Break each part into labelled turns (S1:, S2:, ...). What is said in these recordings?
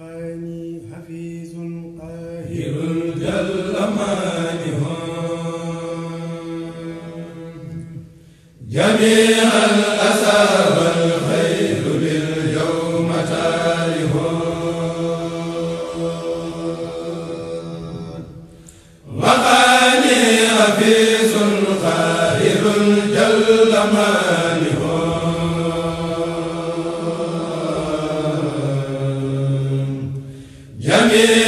S1: حقاني حفيظ قاهر جل مانع جميع الأسابيع Amen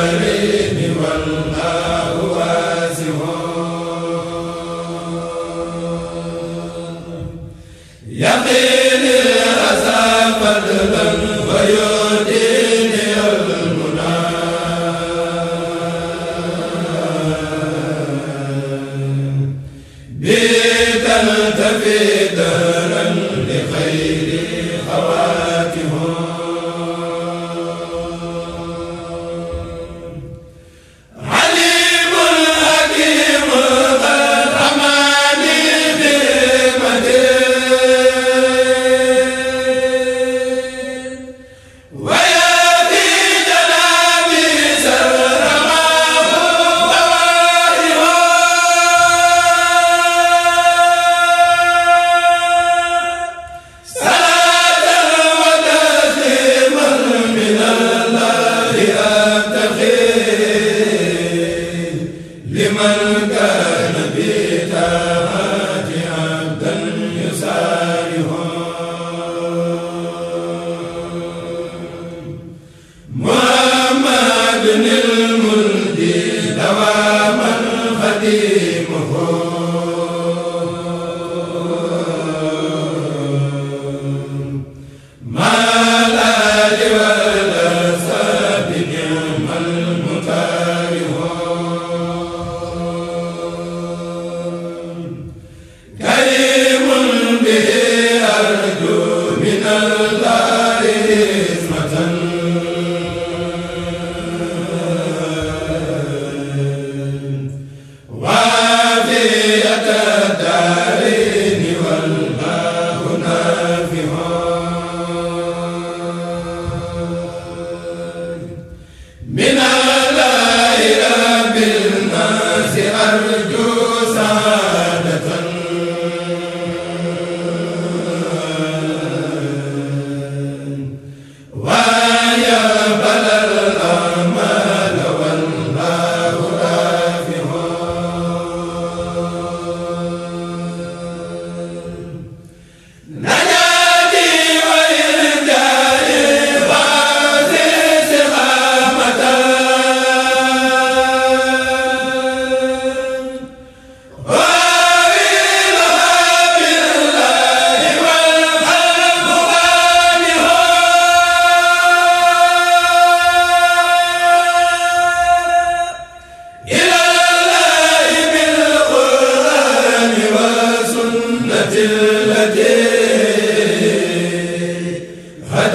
S1: Amen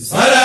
S1: salaam